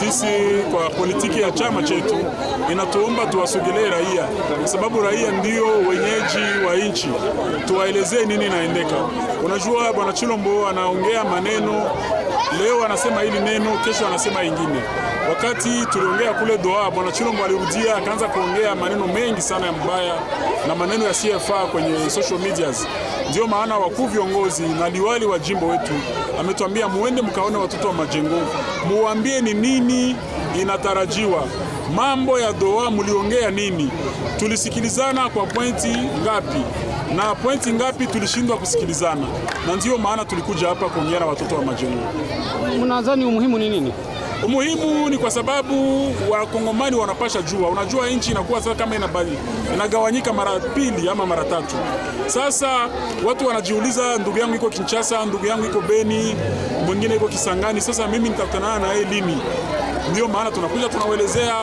sí, sisi kwa politiki ya chama chetu inatuomba tuwasogelee raia, kwa sababu raia ndio wenyeji wa nchi, tuwaelezee nini inaendeka. Unajua, bwana Chilombo anaongea maneno leo, anasema hili neno, kesho anasema ingine. Wakati tuliongea kule Doha, bwana Chilombo alirudia akaanza kuongea maneno mengi sana ya mbaya na maneno yasiyefaa kwenye social medias. Ndio maana wakuu viongozi na liwali wa jimbo wetu ametuambia muende mkaone watoto wa majengo, muambie ni nini inatarajiwa. Mambo ya doa muliongea nini? Tulisikilizana kwa pointi ngapi? Na pointi ngapi tulishindwa kusikilizana? Na ndiyo maana tulikuja hapa kuongea na watoto wa majengo. Mnadhani umuhimu ni nini? Umuhimu ni kwa sababu wakongomani wanapasha jua. Unajua, nchi inakuwa sasa kama inabali, inagawanyika mara pili ama mara tatu. Sasa watu wanajiuliza, ndugu yangu iko Kinshasa, ndugu yangu iko Beni, mwingine iko Kisangani. Sasa mimi nitakutana naye lini? Ndiyo maana tunakuja tunawelezea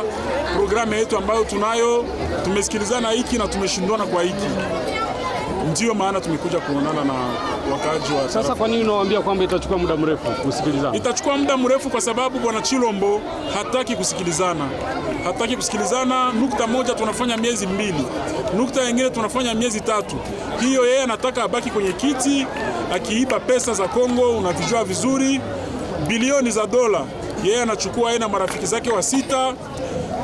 programu yetu ambayo tunayo. Tumesikilizana hiki na tumeshindwana kwa hiki, ndiyo maana tumekuja kuonana na wakaaji wa sasa. Kwa nini unawaambia kwamba itachukua muda mrefu kusikilizana? Itachukua muda mrefu kwa sababu bwana Chilombo hataki kusikilizana, hataki kusikilizana. Nukta moja tunafanya miezi mbili, nukta nyingine tunafanya miezi tatu. Hiyo yeye anataka abaki kwenye kiti, akiiba pesa za Kongo, unavijua vizuri, bilioni za dola yeye anachukua yeye na marafiki zake wa sita,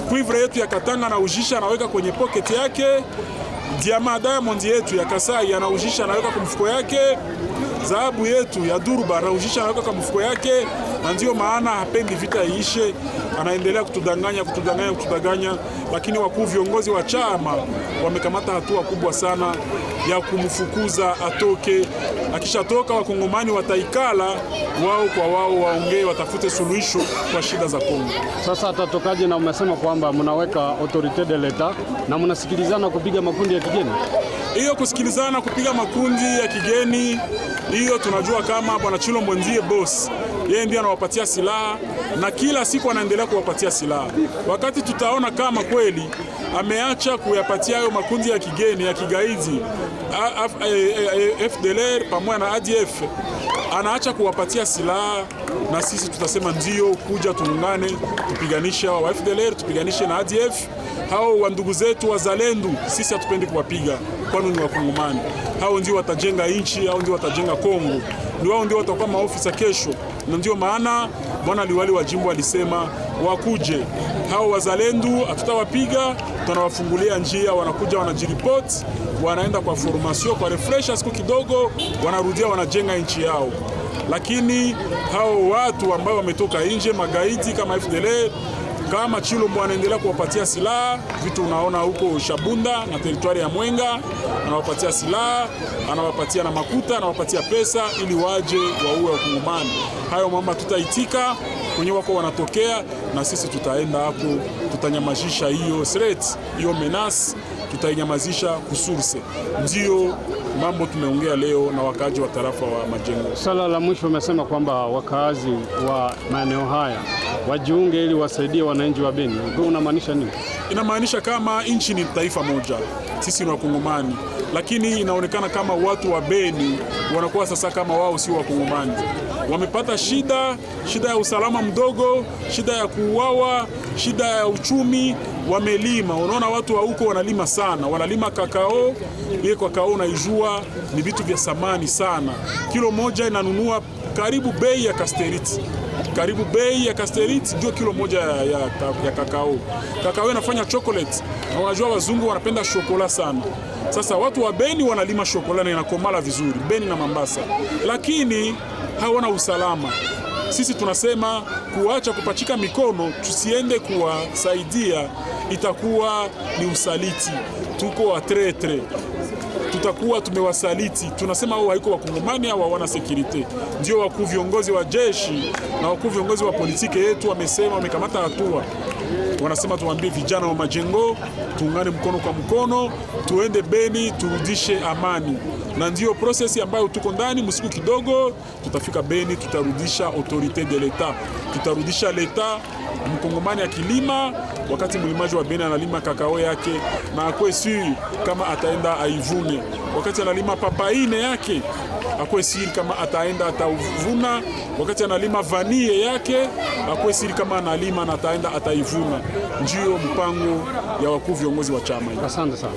cuivre yetu ya Katanga anaujisha anaweka kwenye pocket yake, diama diamond yetu ya Kasai anaujisha anaweka kwa mfuko yake, dhahabu yetu ya Durba anaujisha anaweka kwa mfuko yake na ndiyo maana hapendi vita iishe, anaendelea kutudanganya, kutudanganya, kutudanganya. Lakini wakuu viongozi wa chama wamekamata hatua kubwa sana ya kumfukuza atoke. Akishatoka wakongomani wataikala wao kwa wao, waongee, watafute suluhisho kwa shida za Kongo. Sasa atatokaje? Na umesema kwamba mnaweka autorite de leta na mnasikilizana kupiga makundi ya kigeni. Hiyo kusikilizana kupiga makundi ya kigeni hiyo, tunajua kama bwana Chilo Mbwenzie boss yeye ndiye anawapatia silaha na kila siku anaendelea kuwapatia silaha. Wakati tutaona kama kweli ameacha kuyapatia hayo makundi ya kigeni ya kigaidi FDLR pamoja na ADF, anaacha kuwapatia silaha, na sisi tutasema ndio, kuja tuungane, tupiganishe hawa wa FDLR, tupiganishe na ADF hao wa ndugu zetu zalendu Sisi hatupendi kuwapiga, kwani ni Wakongomani. Hao ndio watajenga nchi, hao ndio watajenga Kongo, ni wao ndio watakuwa maofisa kesho na ndio maana bwana liwali wa jimbo alisema wakuje hao wazalendo, hatutawapiga, tunawafungulia njia. Wanakuja wanajiripot wanaenda kwa formation kwa refresha siku kidogo, wanarudia wanajenga nchi yao. Lakini hao watu ambao wametoka nje, magaiti kama FDL kama Chilombo anaendelea kuwapatia silaha vitu, unaona huko Shabunda na teritwari ya Mwenga anawapatia silaha, anawapatia na makuta, anawapatia pesa ili waje waue wakungumani. Hayo mama tutaitika kwenye wako wanatokea na sisi tutaenda hapo, tutanyamazisha hiyo threat, hiyo menace tutainyamazisha kusurse ndio mambo tumeongea leo na wakaaji wa tarafa wa Majengo. Swala la mwisho umesema kwamba wakaazi wa maeneo haya wajiunge ili wasaidie wananchi wa Beni. Unamaanisha nini? Inamaanisha kama nchi ni taifa moja, sisi ni Wakongomani, lakini inaonekana kama watu wa Beni wanakuwa sasa kama wao sio Wakongomani. Wamepata shida, shida ya usalama mdogo, shida ya kuuawa, shida ya uchumi wamelima. Unaona watu wa huko wanalima sana, wanalima kakao. Ile kakao unaijua ni vitu vya samani sana, kilo moja inanunua karibu bei ya kasteriti, karibu bei ya kasteriti ndio kilo moja ya, ya, ya kakao. Kakao inafanya chocolate, na unajua wazungu wanapenda shokola sana. Sasa watu wa Beni wanalima shokola na inakomala vizuri, Beni na Mambasa, lakini hawana usalama. Sisi tunasema kuacha kupachika mikono, tusiende kuwasaidia, itakuwa ni usaliti. Tuko watretre, tutakuwa tumewasaliti. Tunasema wao haiko wakongomani au hawana sekirite. Ndio wakuu viongozi wa jeshi na wakuu viongozi wa politiki yetu wamesema, wamekamata hatua wanasema tuambie vijana wa majengo tuungane mkono kwa mkono, tuende Beni turudishe amani, na ndiyo prosesi ambayo tuko ndani. Msiku kidogo tutafika Beni, tutarudisha autorite de l'etat, tutarudisha leta mkongomani kilima wakati mlimaji wa Beni analima kakao yake na akwe kama ataenda aivune, wakati analima papaine yake akuwe siri kama ataenda atauvuna, wakati analima vanie yake akuwe siri kama analima na ataenda ataivuna. Ndio mpango ya wakuu viongozi wa chama. Asante sana.